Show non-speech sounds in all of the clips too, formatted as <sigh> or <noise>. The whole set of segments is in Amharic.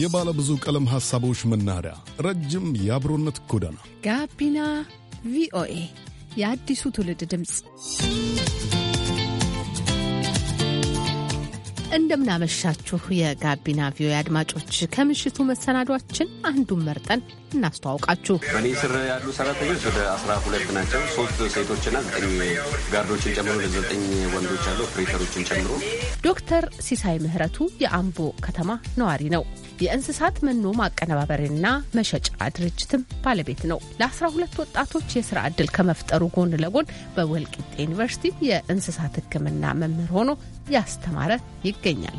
የባለ ብዙ ቀለም ሐሳቦች መናኸሪያ፣ ረጅም የአብሮነት ጎዳና ጋቢና ቪኦኤ የአዲሱ ትውልድ ድምፅ። እንደምናመሻችሁ የጋቢና ቪኦኤ አድማጮች፣ ከምሽቱ መሰናዷችን አንዱን መርጠን እናስተዋውቃችሁ። በእኔ ስር ያሉ ሰራተኞች ወደ አስራ ሁለት ናቸው። ሶስት ሴቶችና ዘጠኝ ጋርዶችን ጨምሮ ዘጠኝ ወንዶች ያሉ ኦፕሬተሮችን ጨምሮ። ዶክተር ሲሳይ ምህረቱ የአምቦ ከተማ ነዋሪ ነው። የእንስሳት መኖ ማቀነባበርና መሸጫ ድርጅትም ባለቤት ነው። ለ12 ወጣቶች የስራ ዕድል ከመፍጠሩ ጎን ለጎን በወልቂጤ ዩኒቨርሲቲ የእንስሳት ሕክምና መምህር ሆኖ ያስተማረ ይገኛል።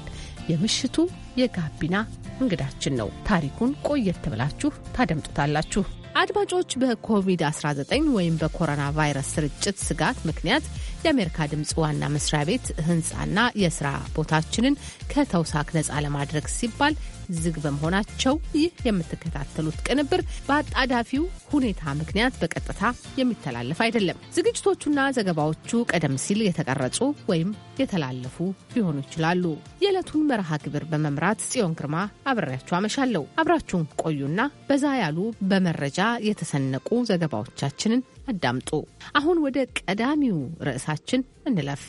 የምሽቱ የጋቢና እንግዳችን ነው። ታሪኩን ቆየት ብላችሁ ታደምጡታላችሁ። አድማጮች በኮቪድ-19 ወይም በኮሮና ቫይረስ ስርጭት ስጋት ምክንያት የአሜሪካ ድምፅ ዋና መስሪያ ቤት ህንፃና የስራ ቦታችንን ከተውሳክ ነፃ ለማድረግ ሲባል ዝግ በመሆናቸው ይህ የምትከታተሉት ቅንብር በአጣዳፊው ሁኔታ ምክንያት በቀጥታ የሚተላለፍ አይደለም። ዝግጅቶቹና ዘገባዎቹ ቀደም ሲል የተቀረጹ ወይም የተላለፉ ሊሆኑ ይችላሉ። የዕለቱን መርሃ ግብር በመምራት ጽዮን ግርማ አብሬያችሁ አመሻለሁ። አብራችሁን ቆዩና በዛ ያሉ በመረጃ የተሰነቁ ዘገባዎቻችንን አዳምጡ። አሁን ወደ ቀዳሚው ርዕሳችን እንለፍ።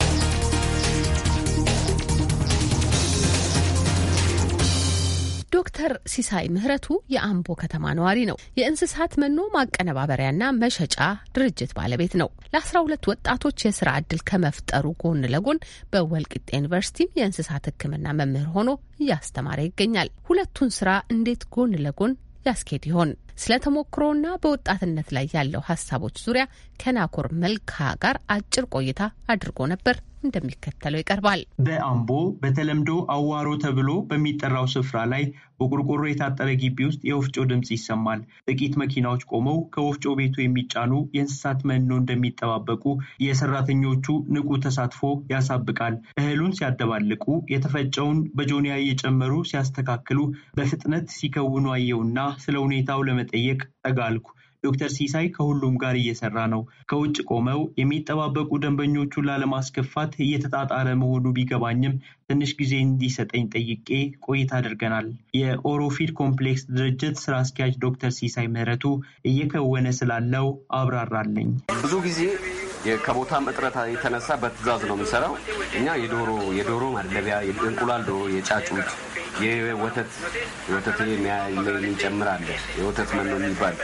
ዶክተር ሲሳይ ምህረቱ የአምቦ ከተማ ነዋሪ ነው። የእንስሳት መኖ ማቀነባበሪያና መሸጫ ድርጅት ባለቤት ነው። ሁለት ወጣቶች የስራ እድል ከመፍጠሩ ጎን ለጎን በወልቂጤ ዩኒቨርሲቲም የእንስሳት ሕክምና መምህር ሆኖ እያስተማረ ይገኛል። ሁለቱን ስራ እንዴት ጎን ለጎን ያስኬድ ይሆን? ስለ ተሞክሮና በወጣትነት ላይ ያለው ሀሳቦች ዙሪያ ከናኮር መልካ ጋር አጭር ቆይታ አድርጎ ነበር። እንደሚከተለው ይቀርባል። በአምቦ በተለምዶ አዋሮ ተብሎ በሚጠራው ስፍራ ላይ በቆርቆሮ የታጠረ ግቢ ውስጥ የወፍጮ ድምፅ ይሰማል። ጥቂት መኪናዎች ቆመው ከወፍጮ ቤቱ የሚጫኑ የእንስሳት መኖ እንደሚጠባበቁ የሰራተኞቹ ንቁ ተሳትፎ ያሳብቃል። እህሉን ሲያደባልቁ፣ የተፈጨውን በጆንያ እየጨመሩ ሲያስተካክሉ፣ በፍጥነት ሲከውኑ አየውና ስለ ሁኔታው ለመ ለመጠየቅ ጠጋልኩ። ዶክተር ሲሳይ ከሁሉም ጋር እየሰራ ነው። ከውጭ ቆመው የሚጠባበቁ ደንበኞቹን ላለማስከፋት እየተጣጣረ መሆኑ ቢገባኝም ትንሽ ጊዜ እንዲሰጠኝ ጠይቄ ቆይታ አድርገናል። የኦሮፊድ ኮምፕሌክስ ድርጅት ስራ አስኪያጅ ዶክተር ሲሳይ ምህረቱ እየከወነ ስላለው አብራራለኝ። ብዙ ጊዜ ከቦታም እጥረት የተነሳ በትዕዛዝ ነው የምሰራው እኛ የዶሮ የዶሮ ማለቢያ፣ እንቁላል ዶሮ፣ የጫጩት የወተት ወተት እንጨምራለን የወተት መኖ የሚባል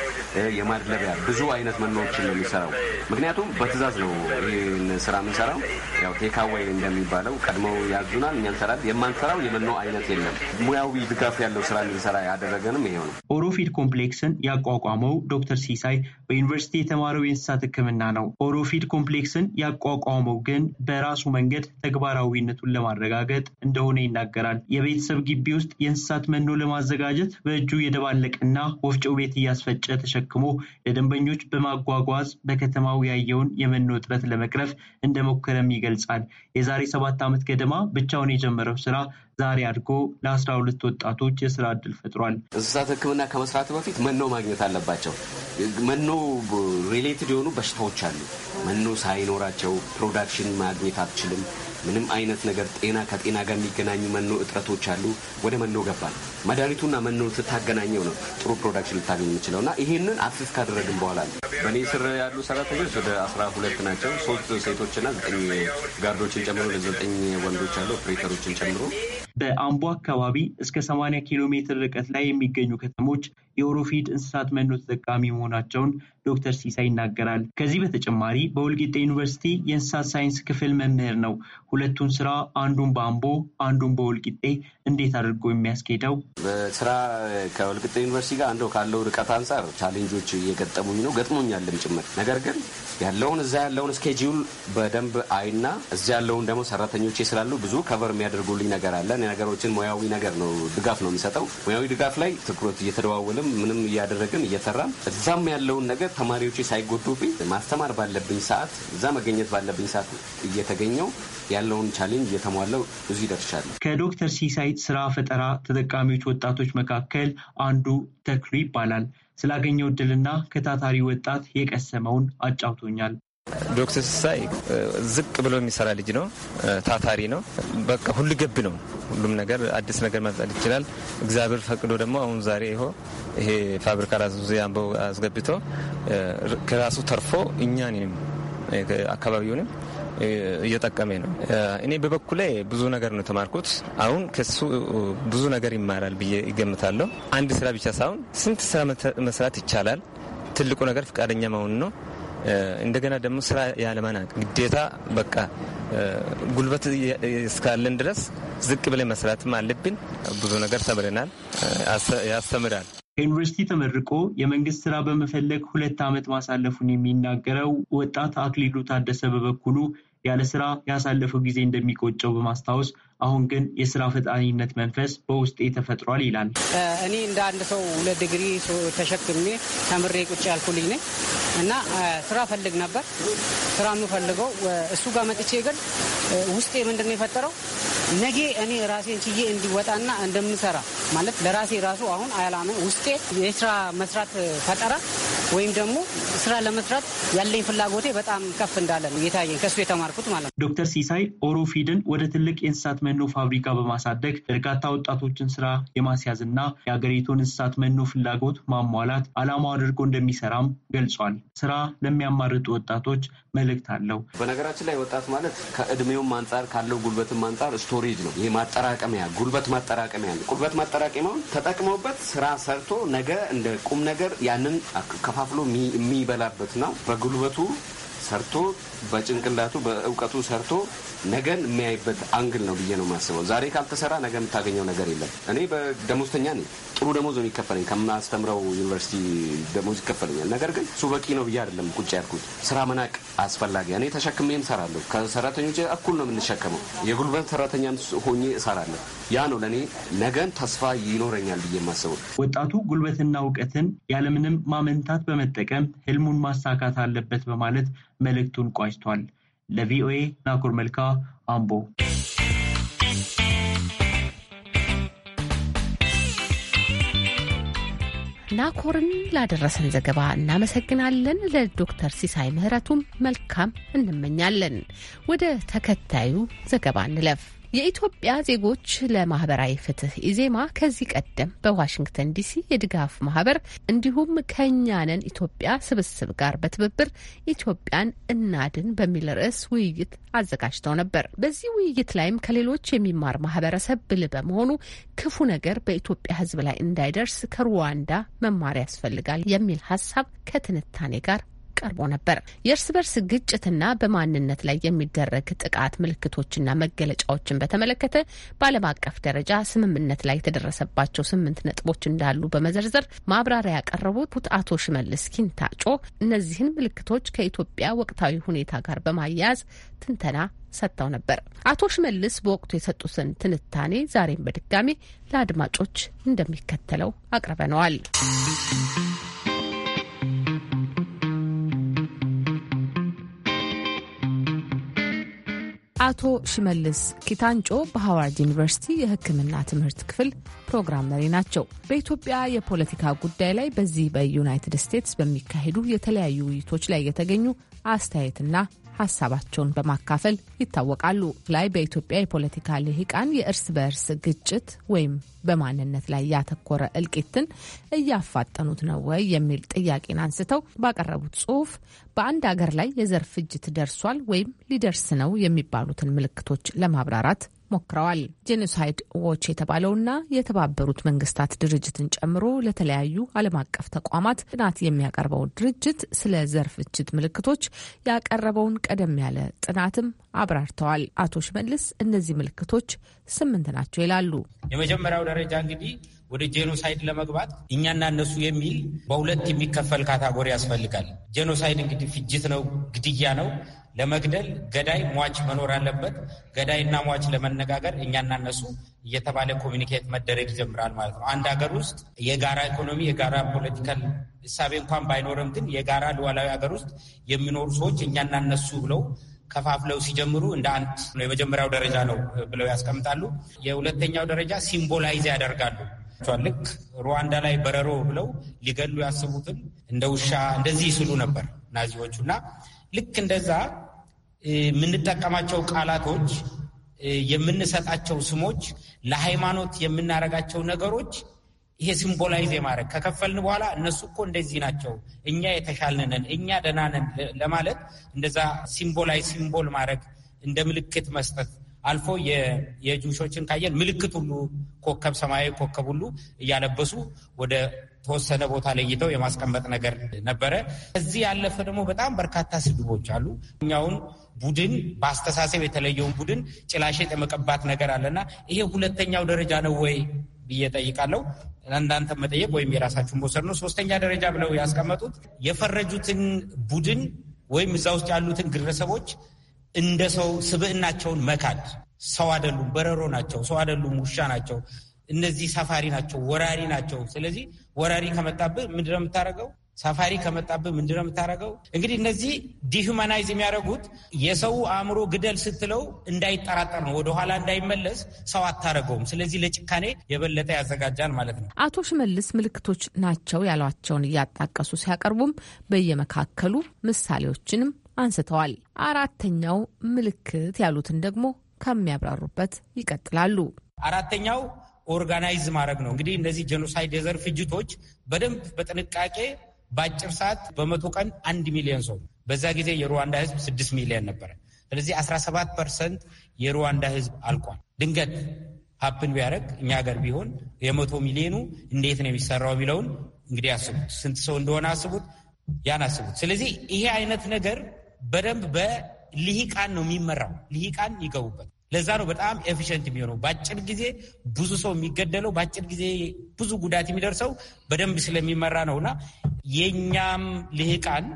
የማድለቢያ ብዙ አይነት መኖዎችን ነው የሚሰራው። ምክንያቱም በትእዛዝ ነው ይህን ስራ የምንሰራው። ያው ቴካዋይ እንደሚባለው ቀድመው ያዙናል፣ እኛ እንሰራለን። የማንሰራው የመኖ አይነት የለም። ሙያዊ ድጋፍ ያለው ስራ እንድንሰራ ያደረገንም ይሄው ነው። ኦሮፊድ ኮምፕሌክስን ያቋቋመው ዶክተር ሲሳይ በዩኒቨርሲቲ የተማረው የእንስሳት ሕክምና ነው። ኦሮፊድ ኮምፕሌክስን ያቋቋመው ግን በራሱ መንገድ ተግባራዊነቱን ለማረጋገጥ እንደሆነ ይናገራል። የቤተሰብ ግቢ ውስጥ የእንስሳት መኖ ለማዘጋጀት በእጁ የደባለቀና ወፍጮ ቤት እያስፈጨ ተሸክሞ ለደንበኞች በማጓጓዝ በከተማው ያየውን የመኖ እጥረት ለመቅረፍ እንደሞከረም ይገልጻል። የዛሬ ሰባት ዓመት ገደማ ብቻውን የጀመረው ስራ ዛሬ አድጎ ለአስራ ሁለት ወጣቶች የስራ እድል ፈጥሯል። እንስሳት ሕክምና ከመስራት በፊት መኖ ማግኘት አለባቸው። መኖ ሪሌትድ የሆኑ በሽታዎች አሉ። መኖ ሳይኖራቸው ፕሮዳክሽን ማግኘት አትችልም። ምንም አይነት ነገር ጤና ከጤና ጋር የሚገናኙ መኖ እጥረቶች አሉ። ወደ መኖ ገባል። መድኃኒቱና መኖ ስታገናኘው ነው ጥሩ ፕሮዳክሽን ልታገኝ የምችለው እና ይህንን አክሴስ ካደረግን በኋላ ነው። በእኔ ስር ያሉ ሰራተኞች ወደ አስራ ሁለት ናቸው። ሶስት ሴቶችና ዘጠኝ ጋርዶችን ጨምሮ ለዘጠኝ ወንዶች አሉ ኦፕሬተሮችን ጨምሮ በአምቦ አካባቢ እስከ 80 ኪሎ ሜትር ርቀት ላይ የሚገኙ ከተሞች የኦሮፊድ እንስሳት መኖ ተጠቃሚ መሆናቸውን ዶክተር ሲሳይ ይናገራል። ከዚህ በተጨማሪ በወልቂጤ ዩኒቨርሲቲ የእንስሳት ሳይንስ ክፍል መምህር ነው። ሁለቱን ስራ አንዱን በአምቦ አንዱን በወልቂጤ እንዴት አድርጎ የሚያስኬደው? በስራ ከወልቂጤ ዩኒቨርሲቲ ጋር አንዱ ካለው ርቀት አንጻር ቻሌንጆች እየገጠሙኝ ነው ገጥሞኛልም ጭምር። ነገር ግን ያለውን እዛ ያለውን ስኬጁል በደንብ አይና እዚ ያለውን ደግሞ ሰራተኞች ስላሉ ብዙ ከቨር የሚያደርጉልኝ ነገር አለ። ነገሮችን ሙያዊ ነገር ነው ድጋፍ ነው የሚሰጠው። ሙያዊ ድጋፍ ላይ ትኩረት እየተደዋወልም ምንም እያደረግን እየሰራም እዛም ያለውን ነገር ተማሪዎች ሳይጎዱብኝ ማስተማር ባለብኝ ሰዓት እዛ መገኘት ባለብኝ ሰዓት እየተገኘው ያለውን ቻሌንጅ እየተሟላው ብዙ ይደርሻለሁ። ከዶክተር ሲሳይ ስራ ፈጠራ ተጠቃሚዎች ወጣቶች መካከል አንዱ ተክሉ ይባላል። ስላገኘው እድልና ከታታሪ ወጣት የቀሰመውን አጫውቶኛል። ዶክተር ስሳይ ዝቅ ብሎ የሚሰራ ልጅ ነው። ታታሪ ነው። በቃ ሁሉ ገብ ነው። ሁሉም ነገር አዲስ ነገር ማምጣት ይችላል። እግዚአብሔር ፈቅዶ ደግሞ አሁን ዛሬ ይሆ ይሄ ፋብሪካ ራሱ አንበው አስገብቶ ከራሱ ተርፎ እኛንም አካባቢውንም እየጠቀመ ነው። እኔ በበኩሌ ብዙ ነገር ነው የተማርኩት። አሁን ከሱ ብዙ ነገር ይማራል ብዬ ይገምታለሁ። አንድ ስራ ብቻ ሳይሆን ስንት ስራ መስራት ይቻላል። ትልቁ ነገር ፈቃደኛ መሆን ነው። እንደገና ደግሞ ስራ ያለመናቅ ግዴታ በቃ ጉልበት እስካለን ድረስ ዝቅ ብለን መስራትም አለብን። ብዙ ነገር ተምረናል፣ ያስተምራል። ከዩኒቨርሲቲ ተመርቆ የመንግስት ስራ በመፈለግ ሁለት ዓመት ማሳለፉን የሚናገረው ወጣት አክሊሉ ታደሰ በበኩሉ ያለ ስራ ያሳለፈው ጊዜ እንደሚቆጨው በማስታወስ አሁን ግን የስራ ፈጣኒነት መንፈስ በውስጤ ተፈጥሯል ይላል። እኔ እንደ አንድ ሰው ሁለት ዲግሪ ተሸክሜ ተምሬ ቁጭ ያልኩልኝ ነኝ እና ስራ ፈልግ ነበር። ስራ የምፈልገው እሱ ጋር መጥቼ ግን ውስጤ ምንድን ነው የፈጠረው ነጌ እኔ ራሴን ችዬ እንዲወጣና እንደምሰራ ማለት ለራሴ ራሱ አሁን አያላምን ውስጤ የስራ መስራት ፈጠራ ወይም ደግሞ ስራ ለመስራት ያለኝ ፍላጎቴ በጣም ከፍ እንዳለ ነው እየታየኝ ከሱ የተማርኩት ማለት ነው። ዶክተር ሲሳይ ኦሮፊድን ወደ ትልቅ የእንስሳት መኖ ፋብሪካ በማሳደግ በርካታ ወጣቶችን ስራ የማስያዝ እና የሀገሪቱን እንስሳት መኖ ፍላጎት ማሟላት አላማው አድርጎ እንደሚሰራም ገልጿል። ስራ ለሚያማርጡ ወጣቶች መልእክት አለው። በነገራችን ላይ ወጣት ማለት ከእድሜውም አንጻር ካለው ጉልበትም አንጻር ስቶሬጅ ነው። ይህ ማጠራቀሚያ ጉልበት ማጠራቀሚያ ጉልበት ጠራቂማውን ተጠቅመውበት ስራ ሰርቶ ነገ እንደ ቁም ነገር ያንን ከፋፍሎ የሚበላበት ነው። በጉልበቱ ሰርቶ በጭንቅላቱ በእውቀቱ ሰርቶ ነገን የሚያይበት አንግል ነው ብዬ ነው የማስበው። ዛሬ ካልተሰራ ነገ የምታገኘው ነገር የለም። እኔ በደሞዝተኛ ነኝ። ጥሩ ደሞዝ ነው ይከፈለኝ ከማስተምረው ዩኒቨርሲቲ ደሞዝ ይከፈለኛል። ነገር ግን እሱ በቂ ነው ብዬ አይደለም ቁጭ ያልኩት። ስራ መናቅ አስፈላጊ እኔ ተሸክሜም እሰራለሁ። ከሰራተኞች እኩል ነው የምንሸከመው። የጉልበት ሰራተኛ ሆኜ እሰራለሁ። ያ ነው ለእኔ ነገን ተስፋ ይኖረኛል ብዬ የማስበው። ወጣቱ ጉልበትና እውቀትን ያለምንም ማመንታት በመጠቀም ህልሙን ማሳካት አለበት በማለት መልእክቱን ቋጭቷል። ለቪኦኤ ናኮር መልካ አምቦ። ናኮርን ላደረሰን ዘገባ እናመሰግናለን። ለዶክተር ሲሳይ ምህረቱም መልካም እንመኛለን። ወደ ተከታዩ ዘገባ እንለፍ። የኢትዮጵያ ዜጎች ለማህበራዊ ፍትህ ኢዜማ ከዚህ ቀደም በዋሽንግተን ዲሲ የድጋፍ ማህበር እንዲሁም ከእኛነን ኢትዮጵያ ስብስብ ጋር በትብብር ኢትዮጵያን እናድን በሚል ርዕስ ውይይት አዘጋጅተው ነበር። በዚህ ውይይት ላይም ከሌሎች የሚማር ማህበረሰብ ብልህ በመሆኑ ክፉ ነገር በኢትዮጵያ ሕዝብ ላይ እንዳይደርስ ከሩዋንዳ መማር ያስፈልጋል የሚል ሀሳብ ከትንታኔ ጋር ቀርቦ ነበር። የእርስ በርስ ግጭትና በማንነት ላይ የሚደረግ ጥቃት ምልክቶችና መገለጫዎችን በተመለከተ በዓለም አቀፍ ደረጃ ስምምነት ላይ የተደረሰባቸው ስምንት ነጥቦች እንዳሉ በመዘርዘር ማብራሪያ ያቀረቡት አቶ ሽመልስ ኪንታጮ እነዚህን ምልክቶች ከኢትዮጵያ ወቅታዊ ሁኔታ ጋር በማያያዝ ትንተና ሰጥተው ነበር። አቶ ሽመልስ በወቅቱ የሰጡትን ትንታኔ ዛሬም በድጋሚ ለአድማጮች እንደሚከተለው አቅርበነዋል። አቶ ሽመልስ ኪታንጮ በሃዋርድ ዩኒቨርሲቲ የሕክምና ትምህርት ክፍል ፕሮግራም መሪ ናቸው። በኢትዮጵያ የፖለቲካ ጉዳይ ላይ በዚህ በዩናይትድ ስቴትስ በሚካሄዱ የተለያዩ ውይይቶች ላይ የተገኙ አስተያየትና ሀሳባቸውን በማካፈል ይታወቃሉ። ላይ በኢትዮጵያ የፖለቲካ ልሂቃን የእርስ በእርስ ግጭት ወይም በማንነት ላይ ያተኮረ እልቂትን እያፋጠኑት ነው ወይ የሚል ጥያቄን አንስተው ባቀረቡት ጽሁፍ በአንድ አገር ላይ የዘር ፍጅት ደርሷል ወይም ሊደርስ ነው የሚባሉትን ምልክቶች ለማብራራት ሞክረዋል። ጄኖሳይድ ዎች የተባለውና የተባበሩት መንግስታት ድርጅትን ጨምሮ ለተለያዩ ዓለም አቀፍ ተቋማት ጥናት የሚያቀርበው ድርጅት ስለ ዘር ፍጅት ምልክቶች ያቀረበውን ቀደም ያለ ጥናትም አብራርተዋል። አቶ ሽመልስ እነዚህ ምልክቶች ስምንት ናቸው ይላሉ። የመጀመሪያው ደረጃ እንግዲህ ወደ ጄኖሳይድ ለመግባት እኛና እነሱ የሚል በሁለት የሚከፈል ካታጎሪ ያስፈልጋል። ጄኖሳይድ እንግዲህ ፍጅት ነው፣ ግድያ ነው። ለመግደል ገዳይ ሟች መኖር አለበት። ገዳይና ሟች ለመነጋገር እኛና እነሱ እየተባለ ኮሚኒኬት መደረግ ይጀምራል ማለት ነው። አንድ ሀገር ውስጥ የጋራ ኢኮኖሚ፣ የጋራ ፖለቲካል እሳቤ እንኳን ባይኖርም ግን የጋራ ሉዓላዊ ሀገር ውስጥ የሚኖሩ ሰዎች እኛና እነሱ ብለው ከፋፍለው ሲጀምሩ እንደ አንድ የመጀመሪያው ደረጃ ነው ብለው ያስቀምጣሉ። የሁለተኛው ደረጃ ሲምቦላይዝ ያደርጋሉ። ልክ ሩዋንዳ ላይ በረሮ ብለው ሊገሉ ያስቡትን እንደ ውሻ እንደዚህ ይስሉ ነበር ናዚዎቹ እና ልክ እንደዛ የምንጠቀማቸው ቃላቶች፣ የምንሰጣቸው ስሞች፣ ለሃይማኖት የምናደርጋቸው ነገሮች ይሄ ሲምቦላይዝ የማድረግ ከከፈልን በኋላ እነሱ እኮ እንደዚህ ናቸው፣ እኛ የተሻልንን እኛ ደናንን ለማለት እንደዛ ሲምቦላይ ሲምቦል ማድረግ እንደ ምልክት መስጠት አልፎ የጁሾችን ካየን ምልክት ሁሉ ኮከብ፣ ሰማያዊ ኮከብ ሁሉ እያለበሱ ወደ ተወሰነ ቦታ ለይተው የማስቀመጥ ነገር ነበረ። እዚህ ያለፈ ደግሞ በጣም በርካታ ስድቦች አሉ። እኛውን ቡድን በአስተሳሰብ የተለየውን ቡድን ጭላሸጥ የመቀባት ነገር አለና ይሄ ሁለተኛው ደረጃ ነው ወይ ብዬ ጠይቃለሁ። እናንተ መጠየቅ ወይም የራሳችሁን መውሰድ ነው። ሶስተኛ ደረጃ ብለው ያስቀመጡት የፈረጁትን ቡድን ወይም እዛ ውስጥ ያሉትን ግለሰቦች እንደ ሰው ስብዕናቸውን መካድ። ሰው አይደሉም፣ በረሮ ናቸው፣ ሰው አይደሉም፣ ውሻ ናቸው፣ እነዚህ ሰፋሪ ናቸው፣ ወራሪ ናቸው። ስለዚህ ወራሪ ከመጣብህ ምንድነው የምታደርገው? ሳፋሪ ከመጣብህ ምንድነው የምታደርገው? እንግዲህ እነዚህ ዲሁማናይዝ የሚያደርጉት የሰው አእምሮ ግደል ስትለው እንዳይጠራጠር ነው፣ ወደኋላ እንዳይመለስ ሰው አታደርገውም። ስለዚህ ለጭካኔ የበለጠ ያዘጋጃል ማለት ነው። አቶ ሽመልስ ምልክቶች ናቸው ያሏቸውን እያጣቀሱ ሲያቀርቡም በየመካከሉ ምሳሌዎችንም አንስተዋል። አራተኛው ምልክት ያሉትን ደግሞ ከሚያብራሩበት ይቀጥላሉ። አራተኛው ኦርጋናይዝ ማድረግ ነው። እንግዲህ እነዚህ ጄኖሳይድ የዘር ፍጅቶች በደንብ በጥንቃቄ በአጭር ሰዓት በመቶ ቀን አንድ ሚሊዮን ሰው በዛ ጊዜ የሩዋንዳ ህዝብ ስድስት ሚሊዮን ነበረ። ስለዚህ 17 ፐርሰንት የሩዋንዳ ህዝብ አልቋል። ድንገት ሀፕን ቢያደርግ እኛ ሀገር ቢሆን የመቶ ሚሊዮኑ እንዴት ነው የሚሰራው የሚለውን እንግዲህ አስቡት። ስንት ሰው እንደሆነ አስቡት፣ ያን አስቡት። ስለዚህ ይሄ አይነት ነገር በደንብ በልሂቃን ነው የሚመራው። ልሂቃን ይገቡበት። ለዛ ነው በጣም ኤፊሽንት የሚሆነው። በአጭር ጊዜ ብዙ ሰው የሚገደለው፣ በአጭር ጊዜ ብዙ ጉዳት የሚደርሰው በደንብ ስለሚመራ ነው እና የእኛም ልሂቃን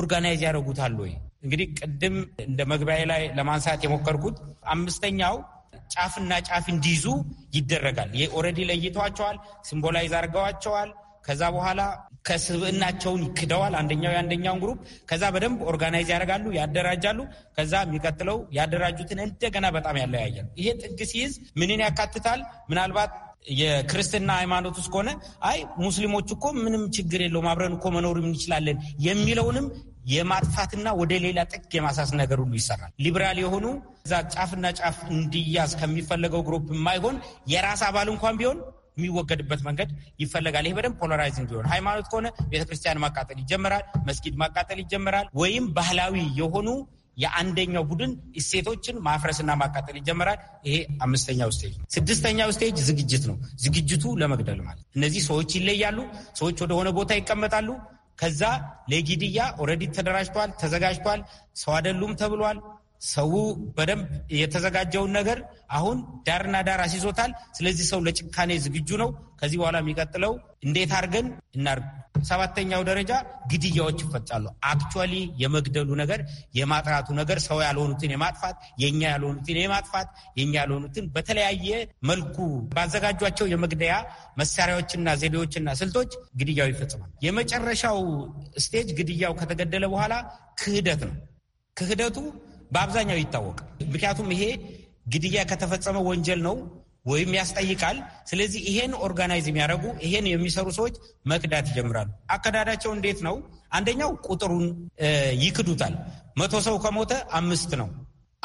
ኦርጋናይዝ ያደርጉታል ወይ እንግዲህ ቅድም እንደ መግቢያ ላይ ለማንሳት የሞከርኩት አምስተኛው ጫፍና ጫፍ እንዲይዙ ይደረጋል። ኦረዲ ኦልሬዲ ለይቷቸዋል፣ ሲምቦላይዝ አድርገዋቸዋል። ከዛ በኋላ ከስብዕናቸውን ክደዋል። አንደኛው የአንደኛውን ግሩፕ ከዛ በደንብ ኦርጋናይዝ ያደርጋሉ፣ ያደራጃሉ። ከዛ የሚቀጥለው ያደራጁትን እንደገና በጣም ያለያያል። ይሄ ጥግ ሲይዝ ምንን ያካትታል? ምናልባት የክርስትና ሃይማኖት ውስጥ ከሆነ አይ ሙስሊሞች እኮ ምንም ችግር የለውም አብረን እኮ መኖር እንችላለን የሚለውንም የማጥፋትና ወደ ሌላ ጥግ የማሳስ ነገር ሁሉ ይሰራል። ሊበራል የሆኑ እዛ ጫፍና ጫፍ እንዲያዝ ከሚፈለገው ግሩፕ የማይሆን የራስ አባል እንኳን ቢሆን የሚወገድበት መንገድ ይፈለጋል። ይሄ በደንብ ፖላራይዚንግ ቢሆን ሃይማኖት ከሆነ ቤተክርስቲያን ማቃጠል ይጀምራል፣ መስጊድ ማቃጠል ይጀምራል፣ ወይም ባህላዊ የሆኑ የአንደኛው ቡድን እሴቶችን ማፍረስና ማቃጠል ይጀምራል። ይሄ አምስተኛው ስቴጅ ነው። ስድስተኛው ስቴጅ ዝግጅት ነው። ዝግጅቱ ለመግደል ማለት እነዚህ ሰዎች ይለያሉ። ሰዎች ወደሆነ ቦታ ይቀመጣሉ። ከዛ ለጊድያ ኦልሬዲ ተደራጅቷል፣ ተዘጋጅቷል፣ ሰው አይደሉም ተብሏል። ሰው በደንብ የተዘጋጀውን ነገር አሁን ዳርና ዳር አስይዞታል። ስለዚህ ሰው ለጭካኔ ዝግጁ ነው። ከዚህ በኋላ የሚቀጥለው እንዴት አድርገን እናርግ። ሰባተኛው ደረጃ ግድያዎች ይፈጫሉ። አክቹዋሊ የመግደሉ ነገር የማጥራቱ ነገር ሰው ያልሆኑትን የማጥፋት የእኛ ያልሆኑትን የማጥፋት የእኛ ያልሆኑትን በተለያየ መልኩ ባዘጋጇቸው የመግደያ መሳሪያዎችና ዘዴዎችና ስልቶች ግድያው ይፈጽማል። የመጨረሻው ስቴጅ ግድያው ከተገደለ በኋላ ክህደት ነው። ክህደቱ በአብዛኛው ይታወቃል። ምክንያቱም ይሄ ግድያ ከተፈጸመ ወንጀል ነው ወይም ያስጠይቃል። ስለዚህ ይሄን ኦርጋናይዝ የሚያደርጉ ይሄን የሚሰሩ ሰዎች መክዳት ይጀምራሉ። አከዳዳቸው እንዴት ነው? አንደኛው ቁጥሩን ይክዱታል። መቶ ሰው ከሞተ አምስት ነው።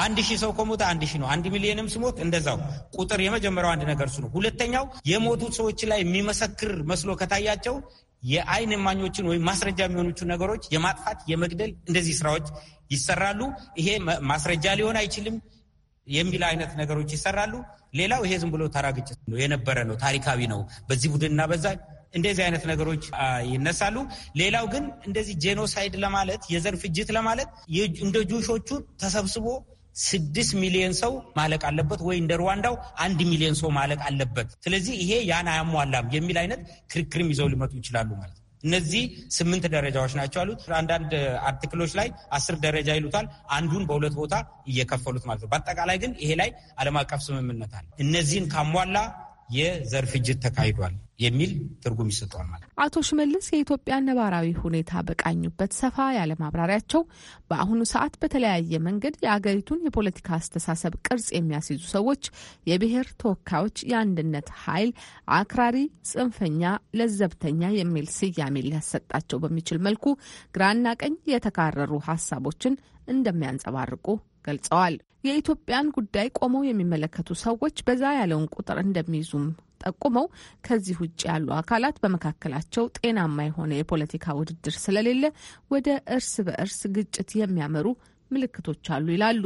አንድ ሺህ ሰው ከሞተ አንድ ሺህ ነው። አንድ ሚሊዮንም ሲሞት እንደዛው ቁጥር የመጀመሪያው አንድ ነገር እሱ ነው። ሁለተኛው የሞቱት ሰዎች ላይ የሚመሰክር መስሎ ከታያቸው የአይን ማኞችን ወይም ማስረጃ የሚሆኑቹ ነገሮች የማጥፋት የመግደል እንደዚህ ስራዎች ይሰራሉ። ይሄ ማስረጃ ሊሆን አይችልም የሚል አይነት ነገሮች ይሰራሉ። ሌላው ይሄ ዝም ብሎ ተራ ግጭት ነው የነበረ ነው ታሪካዊ ነው በዚህ ቡድንና በዛ እንደዚህ አይነት ነገሮች ይነሳሉ። ሌላው ግን እንደዚህ ጄኖሳይድ ለማለት የዘር ፍጅት ለማለት እንደ ጁሾቹ ተሰብስቦ ስድስት ሚሊዮን ሰው ማለቅ አለበት ወይ እንደ ሩዋንዳው አንድ ሚሊዮን ሰው ማለቅ አለበት። ስለዚህ ይሄ ያን አያሟላም የሚል አይነት ክርክርም ይዘው ሊመጡ ይችላሉ ማለት ነው። እነዚህ ስምንት ደረጃዎች ናቸው አሉት አንዳንድ አርቲክሎች ላይ አስር ደረጃ ይሉታል። አንዱን በሁለት ቦታ እየከፈሉት ማለት ነው። በአጠቃላይ ግን ይሄ ላይ ዓለም አቀፍ ስምምነት አለ። እነዚህን ካሟላ የዘር ፍጅት ተካሂዷል። የሚል ትርጉም ይሰጠዋል ማለት ነው። አቶ ሽመልስ የኢትዮጵያ ነባራዊ ሁኔታ በቃኙበት ሰፋ ያለ ማብራሪያቸው በአሁኑ ሰዓት በተለያየ መንገድ የአገሪቱን የፖለቲካ አስተሳሰብ ቅርጽ የሚያስይዙ ሰዎች የብሔር ተወካዮች፣ የአንድነት ኃይል፣ አክራሪ፣ ጽንፈኛ፣ ለዘብተኛ የሚል ስያሜ ሊያሰጣቸው በሚችል መልኩ ግራና ቀኝ የተካረሩ ሀሳቦችን እንደሚያንጸባርቁ ገልጸዋል። የኢትዮጵያን ጉዳይ ቆመው የሚመለከቱ ሰዎች በዛ ያለውን ቁጥር እንደሚይዙም ጠቁመው ከዚህ ውጭ ያሉ አካላት በመካከላቸው ጤናማ የሆነ የፖለቲካ ውድድር ስለሌለ ወደ እርስ በእርስ ግጭት የሚያመሩ ምልክቶች አሉ ይላሉ።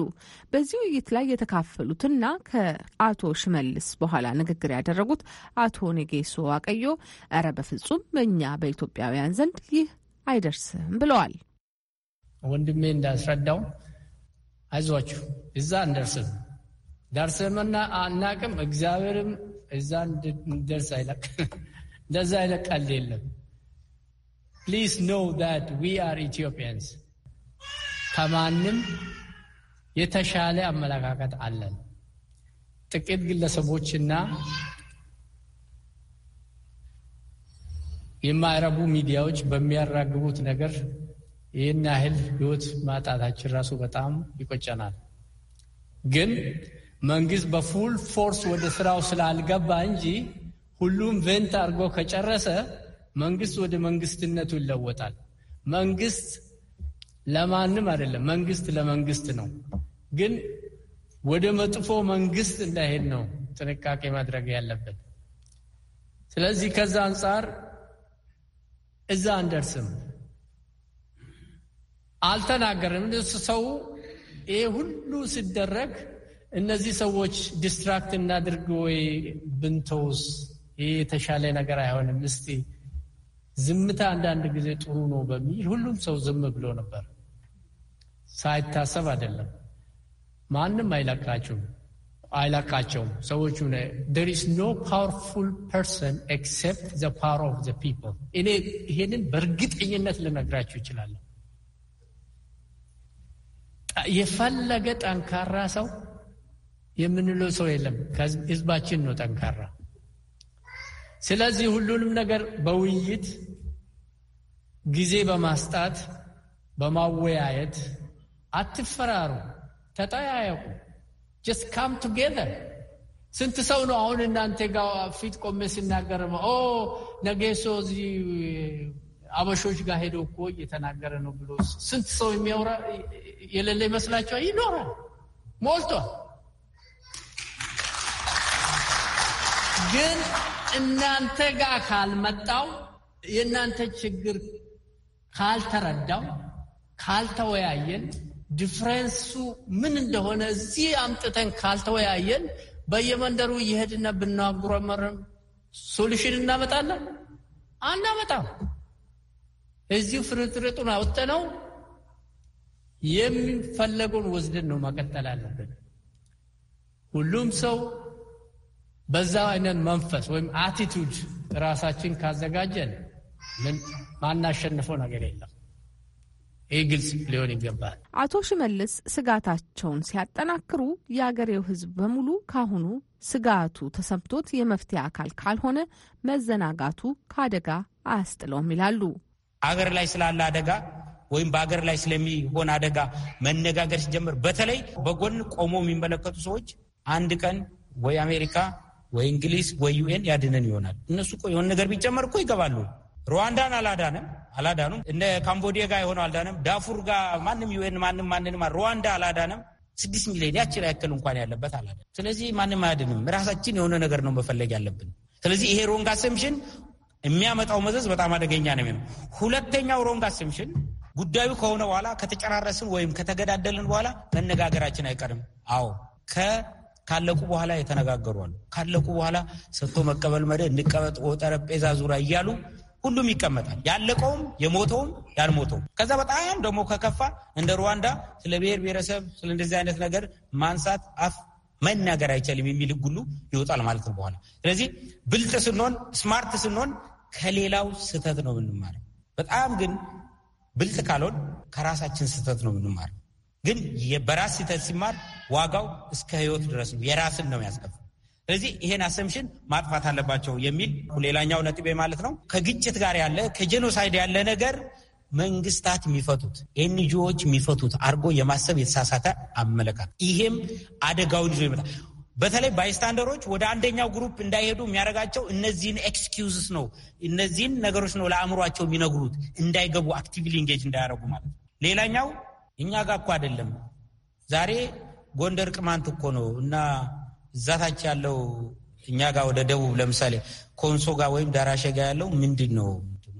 በዚህ ውይይት ላይ የተካፈሉትና ከአቶ ሽመልስ በኋላ ንግግር ያደረጉት አቶ ኔጌሶ አቀዮ እረ በፍጹም በእኛ በኢትዮጵያውያን ዘንድ ይህ አይደርስም ብለዋል። ወንድሜ እንዳስረዳው አይዟችሁ፣ እዛ አንደርስም ደርሰንና አናቅም። እግዚአብሔርም እዛ እንድንደርስ አይለቅ <laughs> እንደዛ አይለቃል የለም። ፕሊዝ ኖው ዳት ዊ አር ኢትዮጵያንስ ከማንም የተሻለ አመለካከት አለን። ጥቂት ግለሰቦችና የማይረቡ ሚዲያዎች በሚያራግቡት ነገር ይህን ያህል ህይወት ማጣታችን ራሱ በጣም ይቆጨናል ግን መንግስት በፉል ፎርስ ወደ ስራው ስላልገባ እንጂ ሁሉም ቬንት አድርጎ ከጨረሰ መንግስት ወደ መንግስትነቱ ይለወጣል። መንግስት ለማንም አይደለም፣ መንግስት ለመንግስት ነው። ግን ወደ መጥፎ መንግስት እንዳይሄድ ነው ጥንቃቄ ማድረግ ያለበት። ስለዚህ ከዛ አንጻር እዛ አንደርስም። አልተናገርም ሰው ይሄ ሁሉ ሲደረግ እነዚህ ሰዎች ዲስትራክት እናድርግ ወይ ብንተውስ ይህ የተሻለ ነገር አይሆንም። እስቲ ዝምታ አንዳንድ ጊዜ ጥሩ ነው በሚል ሁሉም ሰው ዝም ብሎ ነበር። ሳይታሰብ አይደለም። ማንም አይለቃቸውም አይለቃቸውም ሰዎቹ there is ኖ powerful ፐርሰን ኤክሴፕት ዘ ፓወር ኦፍ ዘ ፒፕል። እኔ ይሄንን በእርግጠኝነት ልነግራቸው ይችላለሁ። የፈለገ ጠንካራ ሰው የምንለው ሰው የለም። ህዝባችን ነው ጠንካራ። ስለዚህ ሁሉንም ነገር በውይይት ጊዜ በማስጣት በማወያየት አትፈራሩ፣ ተጠያየቁ። ጀስት ካም ቱጌዘር። ስንት ሰው ነው አሁን እናንተ ጋር ፊት ቆሜ ሲናገር ኦ ሰው እዚህ አበሾች ጋር ሄደው እኮ እየተናገረ ነው ብሎ ስንት ሰው የሚያወራ የሌለ ይመስላችኋል? ይኖራል፣ ሞልቷል። ግን እናንተ ጋር ካልመጣው የእናንተ ችግር ካልተረዳው ካልተወያየን ዲፍረንሱ ምን እንደሆነ እዚህ አምጥተን ካልተወያየን በየመንደሩ እየሄድና ብናጉረመርም ሶሉሽን እናመጣለን አናመጣም። እዚሁ ፍርጥርጡን አውጥተነው የሚፈለገውን ወስደን ነው መቀጠል አለብን። ሁሉም ሰው በዛ አይነት መንፈስ ወይም አቲቱድ ራሳችን ካዘጋጀን ምን ማናሸንፈው ነገር የለም። ይህ ግልጽ ሊሆን ይገባል። አቶ ሽመልስ ስጋታቸውን ሲያጠናክሩ የአገሬው ሕዝብ በሙሉ ካሁኑ ስጋቱ ተሰምቶት የመፍትሄ አካል ካልሆነ መዘናጋቱ ከአደጋ አያስጥለውም ይላሉ። አገር ላይ ስላለ አደጋ ወይም በአገር ላይ ስለሚሆን አደጋ መነጋገር ሲጀምር በተለይ በጎን ቆሞ የሚመለከቱ ሰዎች አንድ ቀን ወይ አሜሪካ ወይ እንግሊዝ ወይ ዩኤን ያድነን ይሆናል። እነሱ እኮ የሆነ ነገር ቢጨመር እኮ ይገባሉ። ሩዋንዳን አላዳንም አላዳኑም። እነ ካምቦዲያ ጋር የሆነው አልዳንም። ዳፉር ጋር ማንም ዩኤን ማንም ማንንም ሩዋንዳ አላዳንም። ስድስት ሚሊዮን ያችን ያክል እንኳን ያለበት አላዳነም። ስለዚህ ማንም አያድንም። ራሳችን የሆነ ነገር ነው መፈለግ ያለብን። ስለዚህ ይሄ ሮንግ አሰምሽን የሚያመጣው መዘዝ በጣም አደገኛ ነው የሚሆነው። ሁለተኛው ሮንግ አሰምሽን ጉዳዩ ከሆነ በኋላ ከተጨራረስን ወይም ከተገዳደልን በኋላ መነጋገራችን አይቀርም። አዎ ከ ካለቁ በኋላ የተነጋገሩ አሉ። ካለቁ በኋላ ሰጥቶ መቀበል መደ እንቀመጥ፣ ጠረጴዛ ዙሪያ እያሉ ሁሉም ይቀመጣል። ያለቀውም የሞተውም ያልሞተውም። ከዛ በጣም ደግሞ ከከፋ እንደ ሩዋንዳ ስለ ብሔር ብሔረሰብ ስለ እንደዚህ አይነት ነገር ማንሳት አፍ መናገር አይቻልም የሚል ህግ ሁሉ ይወጣል ማለት ነው በኋላ። ስለዚህ ብልጥ ስንሆን ስማርት ስንሆን ከሌላው ስህተት ነው የምንማረው። በጣም ግን ብልጥ ካልሆን ከራሳችን ስህተት ነው የምንማረው። ግን በራስ ስህተት ሲማር ዋጋው እስከ ህይወት ድረስ ነው። የራስን ነው ያስከፍ ስለዚህ ይሄን አሰምሽን ማጥፋት አለባቸው የሚል ሌላኛው ነጥቤ ማለት ነው። ከግጭት ጋር ያለ ከጄኖሳይድ ያለ ነገር መንግስታት የሚፈቱት ኤንጂዎች የሚፈቱት አድርጎ የማሰብ የተሳሳተ አመለካከት ይሄም አደጋውን ይዞ ይመጣል። በተለይ ባይስታንደሮች ወደ አንደኛው ግሩፕ እንዳይሄዱ የሚያደርጋቸው እነዚህን ኤክስኪውዝስ ነው። እነዚህን ነገሮች ነው ለአእምሯቸው የሚነግሩት እንዳይገቡ አክቲቭሊ ኢንጌጅ እንዳያደርጉ ማለት ነው። ሌላኛው እኛ ጋር እኮ አይደለም ዛሬ ጎንደር ቅማንት እኮ ነው እና እዛታች ያለው እኛ ጋር ወደ ደቡብ ለምሳሌ ኮንሶ ጋር ወይም ዳራሸ ጋር ያለው ምንድን ነው?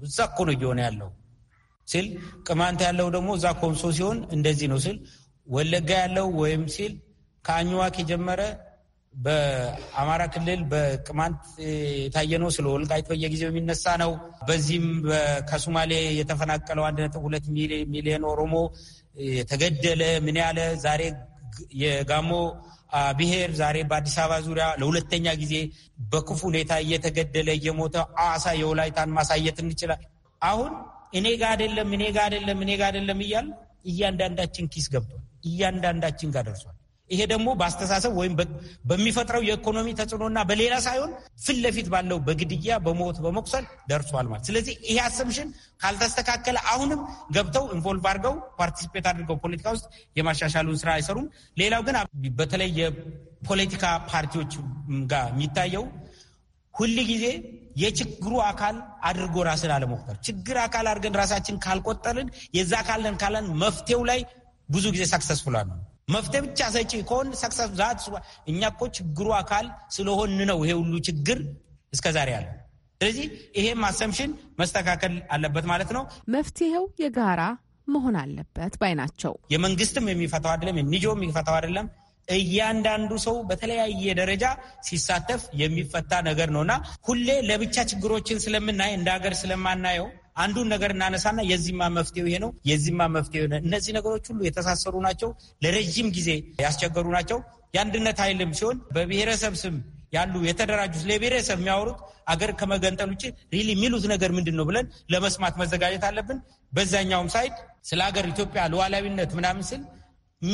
እዛ እኮ ነው እየሆነ ያለው ሲል ቅማንት ያለው ደግሞ እዛ ኮንሶ ሲሆን እንደዚህ ነው ሲል ወለጋ ያለው ወይም ሲል ከአኝዋክ የጀመረ በአማራ ክልል በቅማንት የታየ ነው። ስለ ወልቃይት በየጊዜው የሚነሳ ነው። በዚህም ከሱማሌ የተፈናቀለው አንድ ነጥብ ሁለት ሚሊዮን ኦሮሞ የተገደለ ምን ያለ ዛሬ የጋሞ ብሔር ዛሬ በአዲስ አበባ ዙሪያ ለሁለተኛ ጊዜ በክፉ ሁኔታ እየተገደለ እየሞተ አዋሳ የወላይታን ማሳየት እንችላል። አሁን እኔ ጋ አደለም፣ እኔ ጋ አደለም፣ እኔ ጋ አደለም እያል እያንዳንዳችን ኪስ ገብቷል። እያንዳንዳችን ጋር ደርሷል። ይሄ ደግሞ በአስተሳሰብ ወይም በሚፈጥረው የኢኮኖሚ ተጽዕኖና በሌላ ሳይሆን ፊት ለፊት ባለው በግድያ በሞት በመቁሰል ደርሷል ማለት። ስለዚህ ይሄ አሰምሽን ካልተስተካከለ አሁንም ገብተው ኢንቮልቭ አድርገው ፓርቲሲፔት አድርገው ፖለቲካ ውስጥ የማሻሻሉን ስራ አይሰሩም። ሌላው ግን በተለይ የፖለቲካ ፓርቲዎች ጋር የሚታየው ሁል ጊዜ የችግሩ አካል አድርጎ ራስን አለመቁጠር፣ ችግር አካል አድርገን ራሳችን ካልቆጠርን የዛ አካልን ካለን መፍትሄው ላይ ብዙ ጊዜ ሰክሰስፉል ነው መፍትሄ ብቻ ሰጪ ከሆን ሰክሰስ ዛት እኛ እኮ ችግሩ አካል ስለሆን ነው ይሄ ሁሉ ችግር እስከዛሬ ያለ። ስለዚህ ይሄም አሰምሽን መስተካከል አለበት ማለት ነው። መፍትሄው የጋራ መሆን አለበት ባይ ናቸው። የመንግስትም የሚፈታው አይደለም፣ የኒጆም የሚፈታው አይደለም። እያንዳንዱ ሰው በተለያየ ደረጃ ሲሳተፍ የሚፈታ ነገር ነውና ሁሌ ለብቻ ችግሮችን ስለምናይ እንደ ሀገር ስለማናየው አንዱን ነገር እናነሳና የዚህማ መፍትሄው ይሄ ነው፣ የዚህማ መፍትሄ ሆነ። እነዚህ ነገሮች ሁሉ የተሳሰሩ ናቸው፣ ለረጅም ጊዜ ያስቸገሩ ናቸው። የአንድነት ኃይልም ሲሆን በብሔረሰብ ስም ያሉ የተደራጁ ለብሔረሰብ የሚያወሩት አገር ከመገንጠል ውጭ ሪሊ የሚሉት ነገር ምንድን ነው ብለን ለመስማት መዘጋጀት አለብን። በዛኛውም ሳይድ ስለ ሀገር ኢትዮጵያ ሉዓላዊነት ምናምን ስል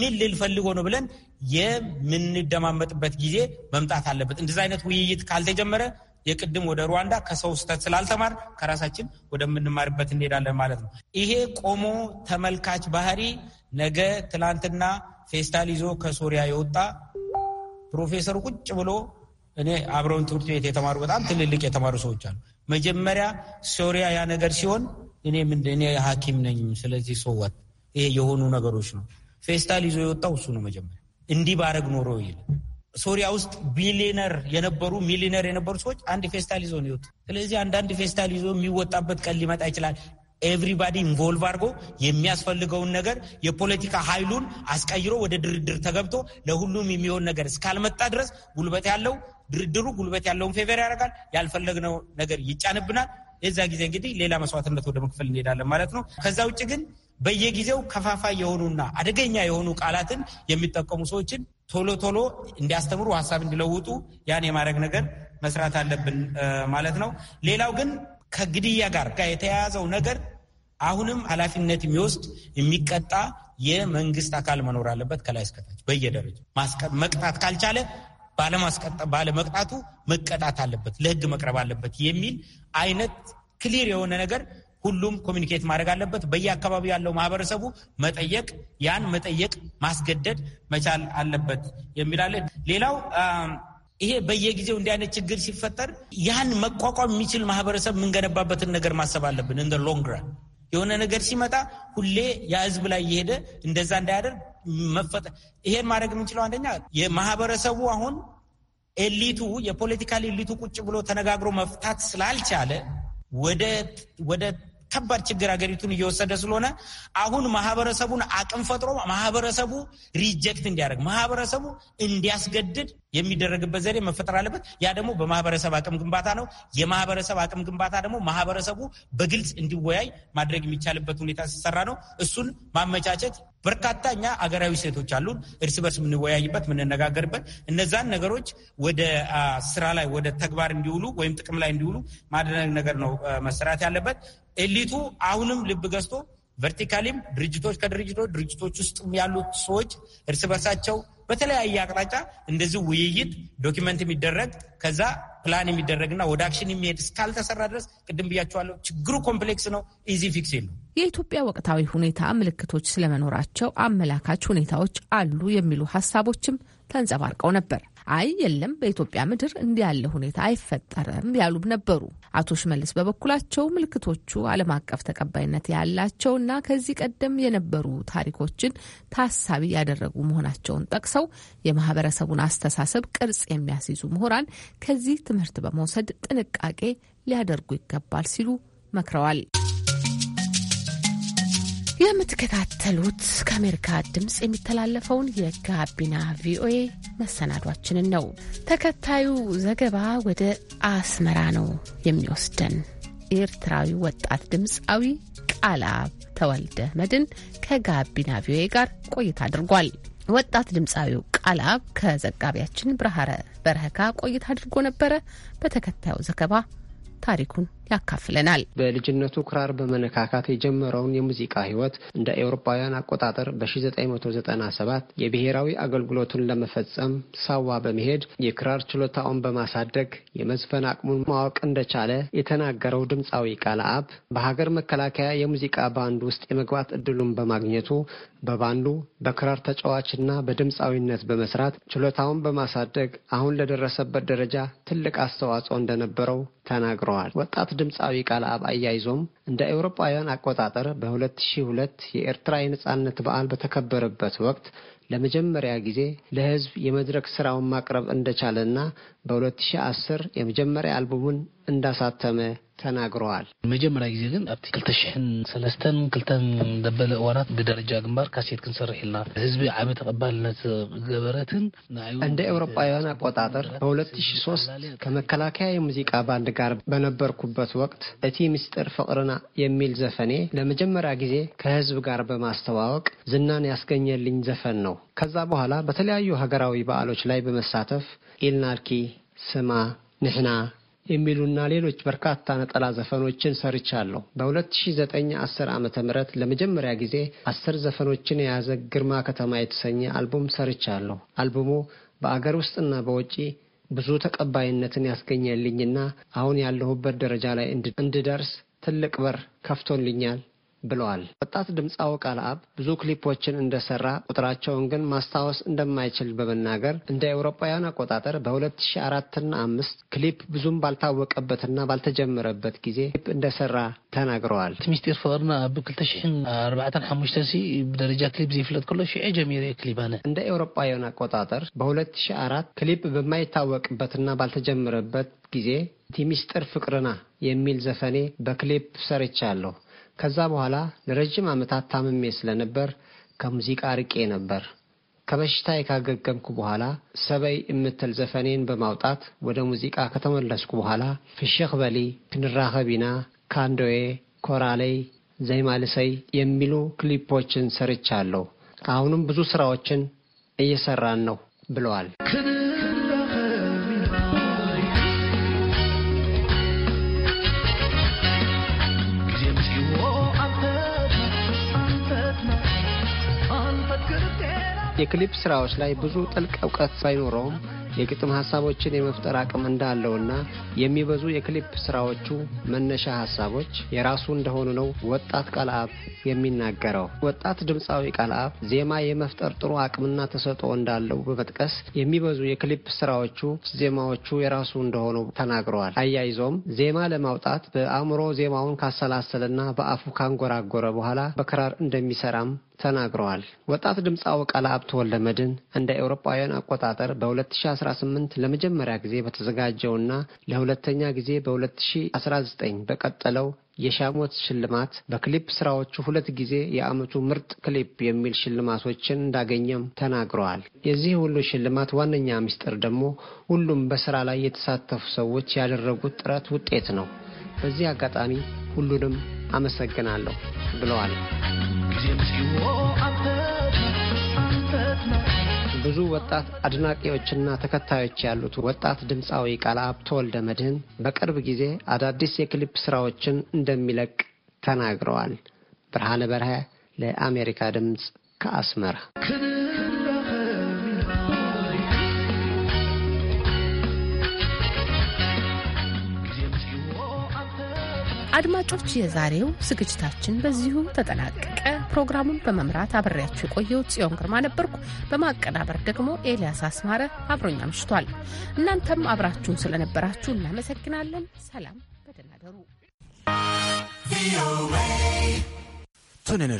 ምን ልል ፈልጎ ነው ብለን የምንደማመጥበት ጊዜ መምጣት አለበት። እንደዚ አይነት ውይይት ካልተጀመረ የቅድም ወደ ሩዋንዳ ከሰው ስህተት ስላልተማር ከራሳችን ወደምንማርበት እንሄዳለን ማለት ነው። ይሄ ቆሞ ተመልካች ባህሪ ነገ ትላንትና ፌስታል ይዞ ከሶሪያ የወጣ ፕሮፌሰሩ ቁጭ ብሎ እኔ አብረውን ትምህርት ቤት የተማሩ በጣም ትልልቅ የተማሩ ሰዎች አሉ። መጀመሪያ ሶሪያ ያ ነገር ሲሆን እኔ ምንድን እኔ ሐኪም ነኝ ስለዚህ ሰወት ይሄ የሆኑ ነገሮች ነው። ፌስታል ይዞ የወጣው እሱ ነው። መጀመሪያ እንዲህ ባረግ ኖሮ ይል ሶሪያ ውስጥ ቢሊነር የነበሩ ሚሊነር የነበሩ ሰዎች አንድ ፌስታል ይዞ ነው ይወጡ። ስለዚህ አንዳንድ ፌስታል ይዞ የሚወጣበት ቀን ሊመጣ ይችላል። ኤቭሪባዲ ኢንቮልቭ አድርጎ የሚያስፈልገውን ነገር የፖለቲካ ኃይሉን አስቀይሮ ወደ ድርድር ተገብቶ ለሁሉም የሚሆን ነገር እስካልመጣ ድረስ ጉልበት ያለው ድርድሩ ጉልበት ያለውን ፌቨር ያደርጋል። ያልፈለግነው ነገር ይጫንብናል። የዛ ጊዜ እንግዲህ ሌላ መስዋዕትነት ወደ መክፈል እንሄዳለን ማለት ነው። ከዛ ውጭ ግን በየጊዜው ከፋፋይ የሆኑና አደገኛ የሆኑ ቃላትን የሚጠቀሙ ሰዎችን ቶሎ ቶሎ እንዲያስተምሩ ሀሳብ እንዲለውጡ ያን የማድረግ ነገር መስራት አለብን ማለት ነው። ሌላው ግን ከግድያ ጋር ጋር የተያያዘው ነገር አሁንም ኃላፊነት የሚወስድ የሚቀጣ የመንግስት አካል መኖር አለበት። ከላይ እስከታች በየደረጃ መቅጣት ካልቻለ ባለመቅጣቱ መቀጣት አለበት፣ ለህግ መቅረብ አለበት የሚል አይነት ክሊር የሆነ ነገር ሁሉም ኮሚኒኬት ማድረግ አለበት። በየአካባቢው ያለው ማህበረሰቡ መጠየቅ ያን መጠየቅ ማስገደድ መቻል አለበት የሚላለ ሌላው ይሄ በየጊዜው እንዲህ አይነት ችግር ሲፈጠር ያን መቋቋም የሚችል ማህበረሰብ የምንገነባበትን ነገር ማሰብ አለብን። እንደ ሎንግ ራን የሆነ ነገር ሲመጣ ሁሌ የህዝብ ላይ እየሄደ እንደዛ እንዳያደርግ መፈጠ ይሄን ማድረግ የምንችለው አንደኛ የማህበረሰቡ አሁን ኤሊቱ የፖለቲካል ኤሊቱ ቁጭ ብሎ ተነጋግሮ መፍታት ስላልቻለ ወደ ከባድ ችግር ሀገሪቱን እየወሰደ ስለሆነ አሁን ማህበረሰቡን አቅም ፈጥሮ ማህበረሰቡ ሪጀክት እንዲያደርግ ማህበረሰቡ እንዲያስገድድ የሚደረግበት ዘዴ መፈጠር አለበት። ያ ደግሞ በማህበረሰብ አቅም ግንባታ ነው። የማህበረሰብ አቅም ግንባታ ደግሞ ማህበረሰቡ በግልጽ እንዲወያይ ማድረግ የሚቻልበት ሁኔታ ሲሰራ ነው። እሱን ማመቻቸት በርካታ እኛ አገራዊ ሴቶች አሉን፣ እርስ በርስ የምንወያይበት የምንነጋገርበት፣ እነዛን ነገሮች ወደ ስራ ላይ ወደ ተግባር እንዲውሉ ወይም ጥቅም ላይ እንዲውሉ ማድረግ ነገር ነው መሰራት ያለበት። ኤሊቱ አሁንም ልብ ገዝቶ ቨርቲካሊም ድርጅቶች ከድርጅቶች ድርጅቶች ውስጥ ያሉት ሰዎች እርስ በርሳቸው በተለያየ አቅጣጫ እንደዚህ ውይይት ዶኪመንት የሚደረግ ከዛ ፕላን የሚደረግና ወደ አክሽን የሚሄድ እስካልተሰራ ድረስ ቅድም ብያቸዋለሁ፣ ችግሩ ኮምፕሌክስ ነው፣ ኢዚ ፊክስ የለውም። የኢትዮጵያ ወቅታዊ ሁኔታ ምልክቶች ስለመኖራቸው አመላካች ሁኔታዎች አሉ የሚሉ ሀሳቦችም ተንጸባርቀው ነበር። አይ የለም በኢትዮጵያ ምድር እንዲህ ያለ ሁኔታ አይፈጠርም ያሉም ነበሩ። አቶ ሽመልስ በበኩላቸው ምልክቶቹ ዓለም አቀፍ ተቀባይነት ያላቸውና ከዚህ ቀደም የነበሩ ታሪኮችን ታሳቢ ያደረጉ መሆናቸውን ጠቅሰው የማህበረሰቡን አስተሳሰብ ቅርጽ የሚያስይዙ ምሁራን ከዚህ ትምህርት በመውሰድ ጥንቃቄ ሊያደርጉ ይገባል ሲሉ መክረዋል። የምትከታተሉት ከአሜሪካ ድምፅ የሚተላለፈውን የጋቢና ቪኦኤ መሰናዷችንን ነው። ተከታዩ ዘገባ ወደ አስመራ ነው የሚወስደን። ኤርትራዊ ወጣት ድምፃዊ ቃልአብ ተወልደ መድን ከጋቢና ቪኦኤ ጋር ቆይታ አድርጓል። ወጣት ድምፃዊው ቃልአብ ከዘጋቢያችን ብርሃረ በረሀ ጋር ቆይታ አድርጎ ነበረ። በተከታዩ ዘገባ ታሪኩን ያካፍለናል። በልጅነቱ ክራር በመነካካት የጀመረውን የሙዚቃ ህይወት እንደ ኤውሮፓውያን አቆጣጠር በ1997 የብሔራዊ አገልግሎቱን ለመፈጸም ሳዋ በመሄድ የክራር ችሎታውን በማሳደግ የመዝፈን አቅሙን ማወቅ እንደቻለ የተናገረው ድምፃዊ ቃለ አብ በሀገር መከላከያ የሙዚቃ ባንድ ውስጥ የመግባት እድሉን በማግኘቱ በባንዱ በክራር ተጫዋችና በድምፃዊነት በመስራት ችሎታውን በማሳደግ አሁን ለደረሰበት ደረጃ ትልቅ አስተዋጽኦ እንደነበረው ተናግረዋል። ወጣት ድምፃዊ አብ አያይዞም እንደ ኤውሮጳውያን አቆጣጠር በ2002 የኤርትራ የነፃነት በዓል በተከበረበት ወቅት ለመጀመሪያ ጊዜ ለሕዝብ የመድረክ ስራውን ማቅረብ እንደቻለና በ2010 የመጀመሪያ አልበሙን እንዳሳተመ ተናግረዋል። መጀመሪያ ጊዜ ግን ኣብቲ ክልተ ሽሕን ሰለስተን ክልተን ደበለ እዋናት ብደረጃ ግንባር ካሴት ክንሰርሕ ኢልና ህዝቢ ዓብ ተቐባልነት ገበረትን እንደ ኤውሮጳውያን አቆጣጠር በ2003 ከመከላከያ የሙዚቃ ባንድ ጋር በነበርኩበት ወቅት እቲ ምስጢር ፍቅርና የሚል ዘፈኔ ለመጀመሪያ ጊዜ ከህዝብ ጋር በማስተዋወቅ ዝናን ያስገኘልኝ ዘፈን ነው። ከዛ በኋላ በተለያዩ ሀገራዊ በዓሎች ላይ በመሳተፍ ኢልናልኪ ስማ ንሕና የሚሉና ሌሎች በርካታ ነጠላ ዘፈኖችን ሰርቻለሁ። በ2009 10 ዓ ም ለመጀመሪያ ጊዜ አስር ዘፈኖችን የያዘ ግርማ ከተማ የተሰኘ አልቡም ሰርቻለሁ። አልቡሙ በአገር ውስጥና በውጪ ብዙ ተቀባይነትን ያስገኘልኝና አሁን ያለሁበት ደረጃ ላይ እንድደርስ ትልቅ በር ከፍቶልኛል ብለዋል። ወጣት ድምፃዊ ቃል አብ ብዙ ክሊፖችን እንደሰራ ቁጥራቸውን ግን ማስታወስ እንደማይችል በመናገር እንደ አውሮፓውያን አቆጣጠር በ2004ና አምስት ክሊፕ ብዙም ባልታወቀበትና ባልተጀመረበት ጊዜ ክሊፕ እንደሰራ ተናግረዋል። እቲ ሚስጢር ፍቅርና ብ 2045 ሲ ብደረጃ ክሊፕ ዘይፍለጥ ከሎ ሽዑ ጀሚረ ክሊፕ ኣነ እንደ ኤውሮጳውያን አቆጣጠር በ2004 ክሊፕ በማይታወቅበትና ባልተጀመረበት ጊዜ እቲ ሚስጢር ፍቅርና የሚል ዘፈኔ በክሊፕ ሰርቻለሁ። ከዛ በኋላ ለረጅም ዓመታት ታምሜ ስለነበር ከሙዚቃ ርቄ ነበር። ከበሽታ ካገገምኩ በኋላ ሰበይ እምትል ዘፈኔን በማውጣት ወደ ሙዚቃ ከተመለስኩ በኋላ ፍሽኽ በሊ፣ ክንራኸቢና፣ ካንዶዬ፣ ኮራለይ፣ ዘይማልሰይ የሚሉ ክሊፖችን ሰርቻለሁ። አሁንም ብዙ ስራዎችን እየሰራን ነው ብለዋል። የክሊፕ ስራዎች ላይ ብዙ ጥልቅ እውቀት ባይኖረውም የግጥም ሀሳቦችን የመፍጠር አቅም እንዳለውና የሚበዙ የክሊፕ ስራዎቹ መነሻ ሀሳቦች የራሱ እንደሆኑ ነው ወጣት ቃልአብ የሚናገረው። ወጣት ድምፃዊ ቃልአብ ዜማ የመፍጠር ጥሩ አቅምና ተሰጥኦ እንዳለው በመጥቀስ የሚበዙ የክሊፕ ስራዎቹ ዜማዎቹ የራሱ እንደሆኑ ተናግረዋል። አያይዞም ዜማ ለማውጣት በአእምሮ ዜማውን ካሰላሰለና በአፉ ካንጎራጎረ በኋላ በክራር እንደሚሰራም ተናግረዋል። ወጣት ድምፃዊ ቃለአብት ወልደመድን እንደ ኤውሮፓውያን አቆጣጠር በ2018 ለመጀመሪያ ጊዜ በተዘጋጀውና ለሁለተኛ ጊዜ በ2019 በቀጠለው የሻሞት ሽልማት በክሊፕ ስራዎቹ ሁለት ጊዜ የአመቱ ምርጥ ክሊፕ የሚል ሽልማቶችን እንዳገኘም ተናግረዋል። የዚህ ሁሉ ሽልማት ዋነኛ ምስጢር ደግሞ ሁሉም በስራ ላይ የተሳተፉ ሰዎች ያደረጉት ጥረት ውጤት ነው። በዚህ አጋጣሚ ሁሉንም አመሰግናለሁ ብለዋል። ብዙ ወጣት አድናቂዎችና ተከታዮች ያሉት ወጣት ድምፃዊ ቃልአብ ተወልደ መድህን በቅርብ ጊዜ አዳዲስ የክሊፕ ስራዎችን እንደሚለቅ ተናግረዋል። ብርሃነ በርሀ ለአሜሪካ ድምፅ ከአስመራ አድማጮች፣ የዛሬው ዝግጅታችን በዚሁ ተጠናቀቀ። ፕሮግራሙን በመምራት አብሬያችሁ የቆየው ጽዮን ግርማ ነበርኩ። በማቀናበር ደግሞ ኤልያስ አስማረ አብሮኛ አምሽቷል። እናንተም አብራችሁን ስለነበራችሁ እናመሰግናለን። ሰላም፣ በደህና ደሩ።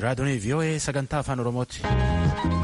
ራዶኔ ቪኦኤ ሰገንታ sagantafan ኦሮሞት